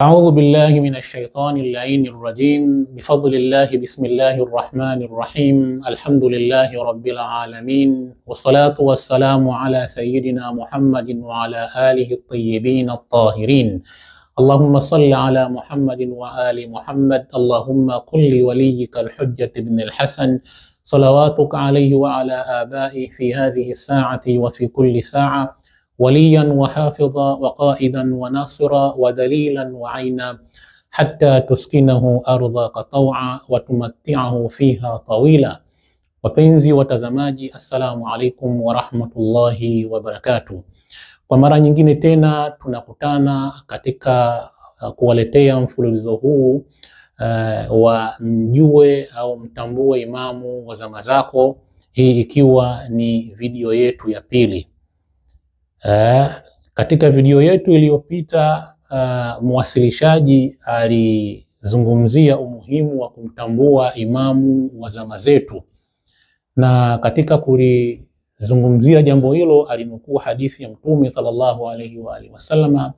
أعوذ بالله من الشيطان اللعين الرجيم بفضل الله بسم الله الرحمن الرحيم الحمد لله رب العالمين والصلاة والسلام على سيدنا محمد وعلى آله الطيبين الطاهرين اللهم صل على محمد وآل محمد اللهم قل لوليك الحجة بن الحسن صلواتك عليه وعلى آبائه في هذه الساعة وفي كل ساعة waliyan wa hafidha wa qaidan wa nasira wa dalilan wa aina hatta tuskinahu ardha qatawa wa tumattiahu fiha tawila. Wapenzi watazamaji, assalamu alaikum warahmatullahi wabarakatuh. Kwa mara nyingine tena tunakutana katika uh, kuwaletea mfululizo huu uh, wa mjue au mtambue imamu wa zama zako, hii ikiwa ni video yetu ya pili. Eh, katika video yetu iliyopita uh, mwasilishaji alizungumzia umuhimu wa kumtambua imamu wa zama zetu, na katika kulizungumzia jambo hilo alinukuu hadithi ya Mtume sallallahu alaihi wa alihi wasallama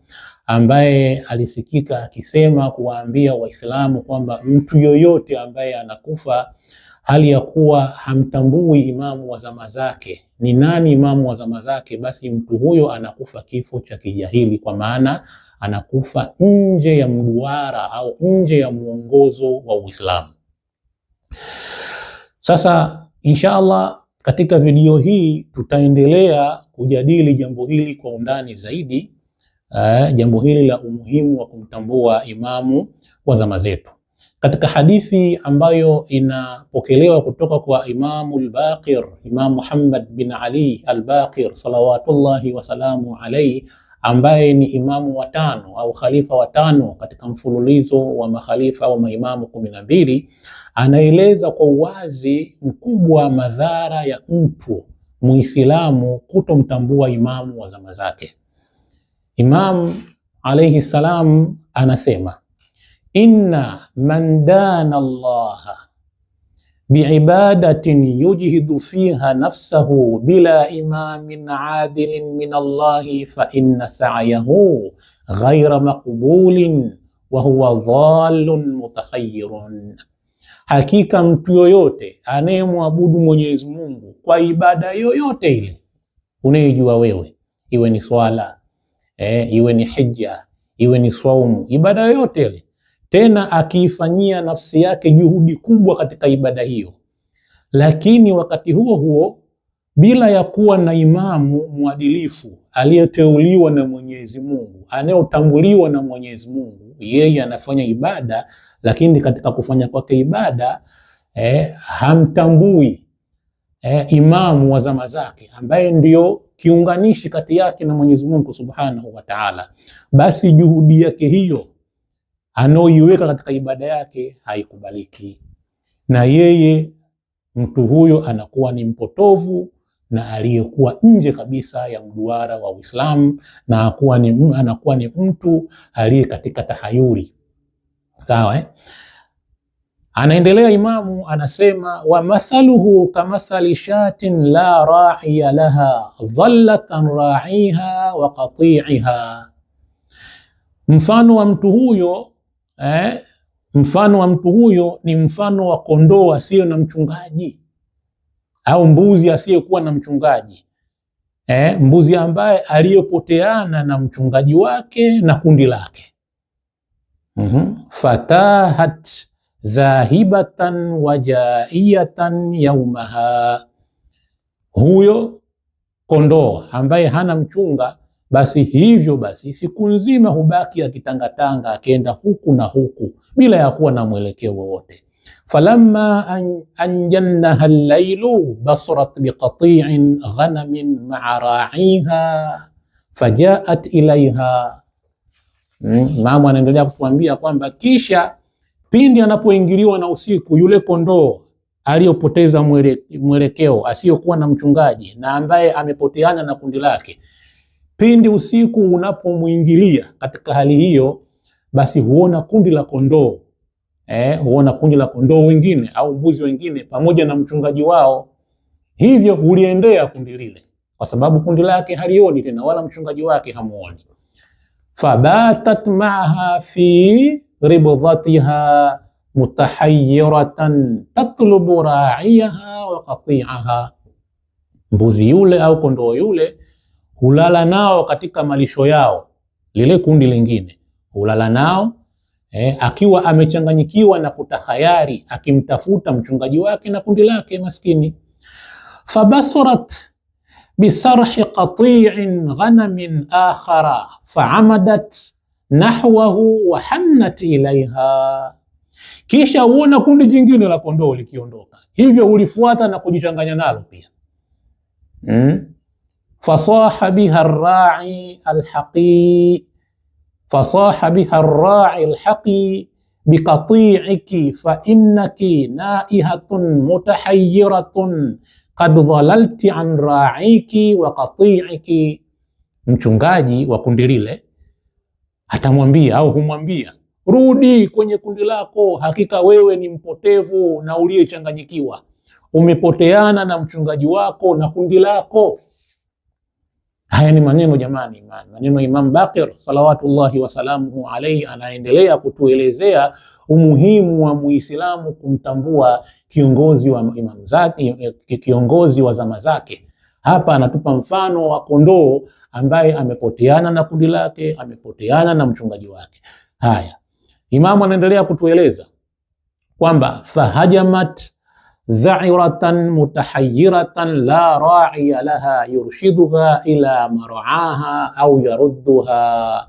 ambaye alisikika akisema kuwaambia Waislamu kwamba mtu yoyote ambaye anakufa hali ya kuwa hamtambui imamu wa zama zake ni nani imamu wa zama zake, basi mtu huyo anakufa kifo cha kijahili, kwa maana anakufa nje ya mduara au nje ya mwongozo wa Uislamu. Sasa insha Allah katika video hii tutaendelea kujadili jambo hili kwa undani zaidi uh, jambo hili la umuhimu wa kumtambua imamu wa zama zetu. Katika hadithi ambayo inapokelewa kutoka kwa Imamu al-Baqir, Imam Muhammad bin Ali al-Baqir salawatullahi wasalamu alaihi, ambaye ni imamu watano au khalifa watano katika mfululizo wa makhalifa au maimamu kumi na mbili, anaeleza kwa uwazi mkubwa madhara ya mtu muislamu kutomtambua imamu wa zama zake. Imam alaihi salam anasema inna man dana llaha biibadatin yujhidu fiha nafsahu bila imamin adilin min Allahi fa inna sa'yahu ghaira maqbulin wa huwa dhalun mutakhayyirun, hakika mtu yoyote anayemwabudu Mwenyezi Mungu kwa ibada yoyote ile unayojua wewe, iwe ni swala eh, iwe ni hija, iwe ni swaumu, ibada yoyote ile, tena akiifanyia nafsi yake juhudi kubwa katika ibada hiyo, lakini wakati huo huo bila ya kuwa na imamu mwadilifu aliyeteuliwa na Mwenyezi Mungu, anayotambuliwa na Mwenyezi Mungu, yeye anafanya ibada, lakini katika kufanya kwake ibada eh, hamtambui eh, imamu wa zama zake ambaye ndio kiunganishi kati yake na Mwenyezi Mungu Subhanahu wa Ta'ala, basi juhudi yake hiyo anaoiweka katika ibada yake haikubaliki, na yeye mtu huyo anakuwa ni mpotovu na aliyekuwa nje kabisa ya mduara wa Uislamu na akuwa ni, anakuwa ni mtu aliye katika tahayuri. Sawa eh? Anaendelea Imamu anasema, wa mathaluhu kamathali shatin la raiya laha dhallat an raiha wa qati'iha, mfano wa mtu huyo eh, mfano wa mtu huyo ni mfano wa kondoo asiyo na mchungaji au mbuzi asiyekuwa na mchungaji eh, mbuzi ambaye aliyopoteana na mchungaji wake na kundi lake. mm -hmm. fatahat dhahibatan wajaiyatan yaumaha, huyo kondoo ambaye hana mchunga, basi hivyo basi siku nzima hubaki akitangatanga akienda huku na huku bila ya kuwa na mwelekeo wowote. falamma anjannaha llailu basrat biqati'in ghanamin ma'a ra'iha fajaat ilaiha. Hmm, mama anaendelea kutuambia kwamba kisha Pindi anapoingiliwa na usiku, yule kondoo aliyopoteza mwelekeo, asiyokuwa na mchungaji na ambaye amepoteana na kundi lake, pindi usiku unapomwingilia katika hali hiyo, basi huona kundi la kondoo eh, huona kundi la kondoo wengine au mbuzi wengine pamoja na mchungaji wao, hivyo huliendea kundi lile, kwa sababu kundi lake halioni tena wala mchungaji wake hamuoni. fabatat maha fi ribdhatiha mutahayyiratan tatlubu ra'iyaha wa qati'aha, mbuzi yule au kondoo yule hulala nao katika malisho yao, lile kundi lingine hulala nao eh, akiwa amechanganyikiwa na kutahayari, akimtafuta mchungaji wake na kundi lake maskini. fabasurat bisarhi qati'in ghanamin akhara faamadat nahwahu wahannat ilaiha, kisha uona kundi jingine la kondoo likiondoka, hivyo ulifuata na kujichanganya nalo pia hmm? fasaha biha rai alhaqi fasaha biha rai alhaqi biqati'iki fa innaki naihatun mutahayiratun qad dhalalti an ra'iki wa qati'iki. Mchungaji wa kundi lile atamwambia au humwambia, rudi kwenye kundi lako, hakika wewe ni mpotevu na uliyechanganyikiwa, umepoteana na mchungaji wako na kundi lako. Haya ni maneno jamani, maneno Imam Bakir salawatullahi wasalamuhu alaihi, anaendelea kutuelezea umuhimu wa Muislamu kumtambua kiongozi wa imam zake, kiongozi wa zama zake hapa anatupa mfano wa kondoo ambaye amepoteana na kundi lake, amepoteana na mchungaji wake. Haya, Imamu anaendelea kutueleza kwamba fahajamat dhairatan mutahayiratan la raiya laha yurshiduha ila maraaha au yarudduha.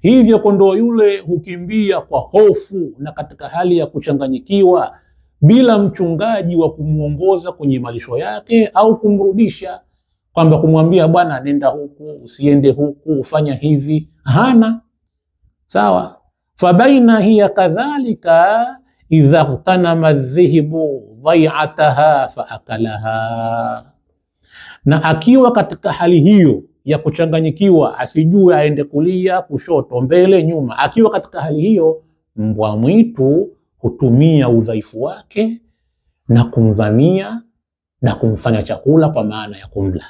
Hivyo kondoo yule hukimbia kwa hofu na katika hali ya kuchanganyikiwa bila mchungaji wa kumwongoza kwenye malisho yake au kumrudisha kwamba kumwambia bwana, nenda huku, usiende huku, ufanya hivi, hana sawa. fabaina hiya kadhalika idha ghtanama dhihibu dhaiataha faakalaha, na akiwa katika hali hiyo ya kuchanganyikiwa, asijue aende kulia, kushoto, mbele, nyuma, akiwa katika hali hiyo, mbwa mwitu hutumia udhaifu wake na kumvamia na kumfanya chakula kwa maana ya kumla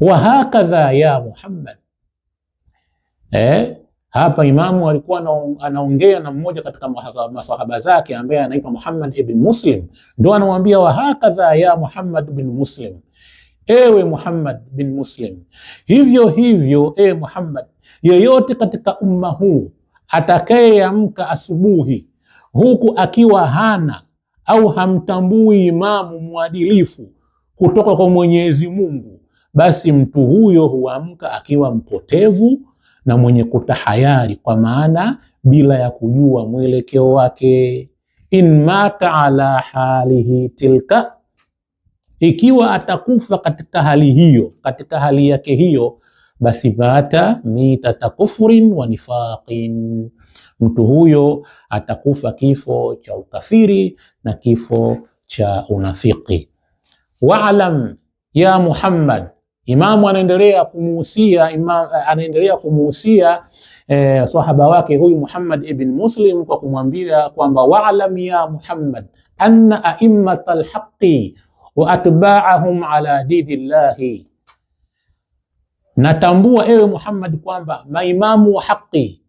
wa hakadha ya Muhammad. Eh, hapa imamu alikuwa anaongea na mmoja katika masahaba zake ambaye anaitwa Muhammad ibn Muslim, ndio anamwambia wa hakadha ya Muhammad bin Muslim, ewe Muhammad bin Muslim, hivyo hivyo ewe Muhammad, yeyote katika umma huu atakayeamka asubuhi huku akiwa hana au hamtambui imamu mwadilifu kutoka kwa Mwenyezi Mungu basi mtu huyo huamka akiwa mpotevu na mwenye kutahayari, kwa maana bila ya kujua mwelekeo wake. In mata ala halihi tilka, ikiwa atakufa katika hali hiyo, katika hali yake hiyo, basi mata mitata kufrin wa nifaqin, mtu huyo atakufa kifo cha ukafiri na kifo cha unafiki. Waalam ya Muhammad Imamu anaendelea kumuhusia imam, eh, anaendelea kumuhusia eh, sahaba wake huyu Muhammad ibn Muslim kwa kumwambia kwamba wa'lam ya Muhammad anna a'immat alhaqi wa atba'ahum ala dinillahi, natambua ewe Muhammad kwamba maimamu wa haqi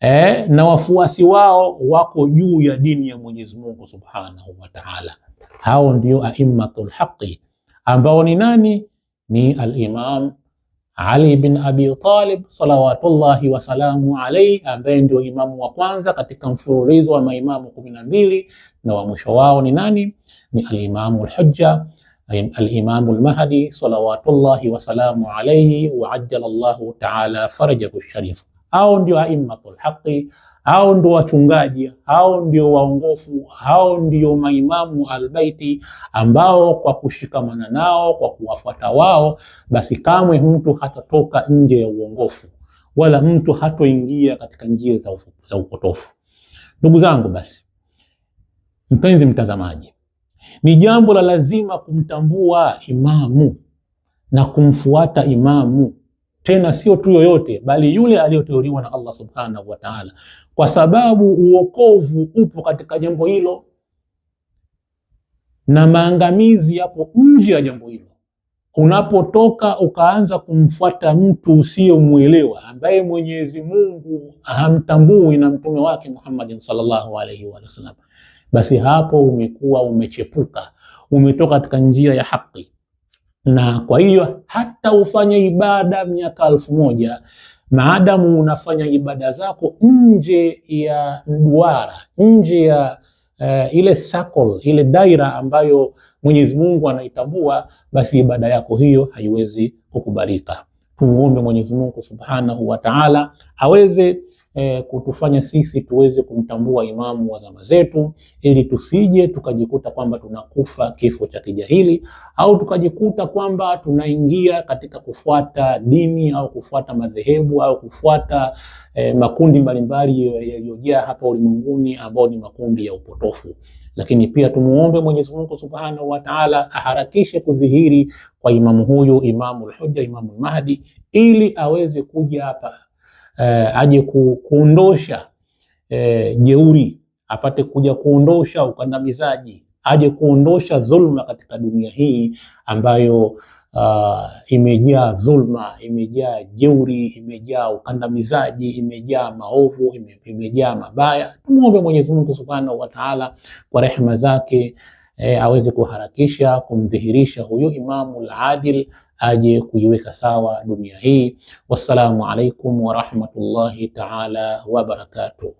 eh, na wafuasi wao wako juu ya dini ya Mwenyezi Mungu Subhanahu wa Ta'ala. Hao ndio a'immatul haqi ambao ni nani? ni al-Imam Ali bin Abi Talib salawatullahi wasalamu alaihi, ambaye ndio imamu wa kwanza katika mfululizo wa maimamu kumi na mbili na wa mwisho wao ni nani? Ni al-Imamu al-Hujja al-Imamu al-Mahdi salawatullahi wasalamu alaihi wa ajjala Allahu taala farajahu sharif. Hao ndio aimmatul haqi, hao ndio wachungaji, hao ndio waongofu, hao ndio maimamu albaiti, ambao kwa kushikamana nao, kwa kuwafuata wao, basi kamwe mtu hatatoka nje ya uongofu wala mtu hatoingia katika njia za upotofu. Ndugu zangu, basi mpenzi mtazamaji, ni jambo la lazima kumtambua imamu na kumfuata imamu tena sio tu yoyote, bali yule aliyoteuliwa na Allah subhanahu wa ta'ala, kwa sababu uokovu upo katika jambo hilo na maangamizi yapo nje ya jambo hilo. Unapotoka ukaanza kumfuata mtu usiyomwelewa ambaye Mwenyezi Mungu hamtambui na mtume wake Muhammadin sallallahu alaihi wa sallam, basi hapo umekuwa umechepuka, umetoka katika njia ya haki na kwa hiyo hata ufanye ibada miaka elfu moja maadamu unafanya ibada zako nje ya mduara, nje ya uh, ile circle, ile daira ambayo Mwenyezi Mungu anaitambua, basi ibada yako hiyo haiwezi kukubalika. Tumuombe Mwenyezi Mungu Subhanahu wa Ta'ala aweze eh, kutufanya sisi tuweze kumtambua imamu wa zama zetu, ili tusije tukajikuta kwamba tunakufa kifo cha kijahili au tukajikuta kwamba tunaingia katika kufuata dini au kufuata madhehebu au kufuata eh, makundi mbalimbali yaliyojaa hapa ulimwenguni ambao ni makundi ya upotofu lakini pia tumuombe Mwenyezi Mungu Subhanahu wa Ta'ala aharakishe kudhihiri kwa imamu huyu, Imamul Hujja, Imamul Mahdi, ili aweze kuja hapa eh, aje ku, kuondosha eh, jeuri, apate kuja kuondosha ukandamizaji, aje kuondosha dhulma katika dunia hii ambayo uh, imejaa dhulma, imejaa jeuri, imejaa ukandamizaji, imejaa maovu, ime, imejaa mabaya. Tumuombe Mwenyezi Mungu Subhanahu wa Ta'ala kwa rehema zake e, aweze kuharakisha kumdhihirisha huyu Imamul Adil aje kuiweka sawa dunia hii. Wassalamu alaikum warahmatullahi taala wabarakatuh.